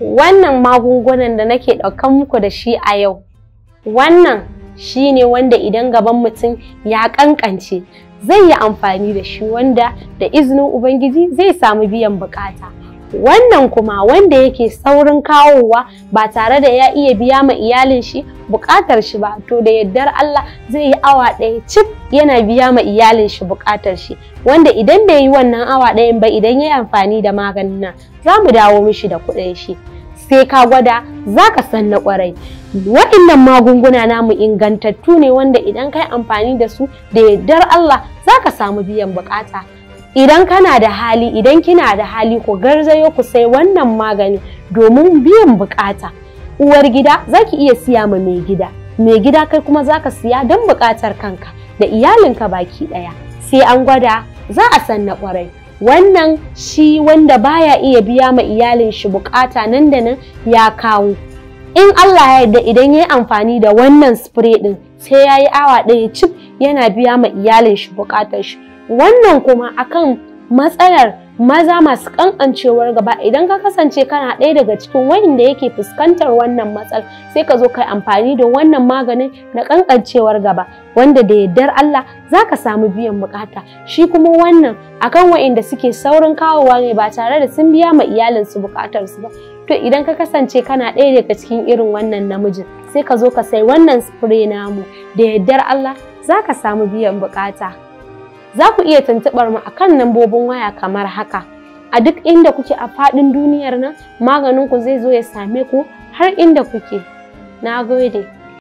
wannan magungunan da nake ɗaukan muku da shi a yau wannan shine wanda idan gaban mutum ya ƙanƙance zai yi amfani da shi wanda da izinin ubangiji zai samu biyan bukata wannan kuma wanda yake saurin kawowa ba tare da ya iya biya ma iyalin shi buƙatar shi ba to da yaddar Allah zai yi awa ɗaya cif yana biya ma iyalin shi bukatar shi wanda idan bai yi wannan awa ɗayan ba idan ya yi amfani da maganin nan za mu dawo mishi da kuɗin shi sai ka gwada za ka san na kwarai waɗannan magunguna namu ingantattu ne wanda idan ka yi amfani da su da yaddar Allah za ka samu biyan buƙata. idan kana da hali idan kina da hali ku garzayo ku sai wannan magani domin biyan bukata uwar gida za iya siya ma mai gida mai gida kai kuma zaka siya don bukatar kanka da iyalinka baki ɗaya. sai an gwada za a san na kwarai wannan shi wanda baya iya biya ma iyalin shi bukata nan da nan ya kawo in Allah ya yarda idan ya yi amfani da wannan spray din sai ya yi awa ɗaya cif yana biya ma iyalin shi buƙatar shi wannan kuma akan matsalar maza masu kankancewar gaba idan ka kasance kana ɗaya daga cikin da yake fuskantar wannan matsal sai ka zo kai amfani da wannan maganin na kankancewar gaba wanda da yardar Allah za ka samu biyan bukata shi kuma wannan akan da suke saurin kawowa ne ba tare da sun biya ma iyalinsu su ba to idan ka kasance kana ɗaya daga cikin irin wannan namijin sai ka zo ka sai wannan spray namu da yardar Allah za ka samu biyan bukata za ku iya tuntuɓar mu akan lambobin waya kamar haka a duk inda kuke a faɗin duniyar nan maganin ku zai zo ya same ku har inda kuke na gode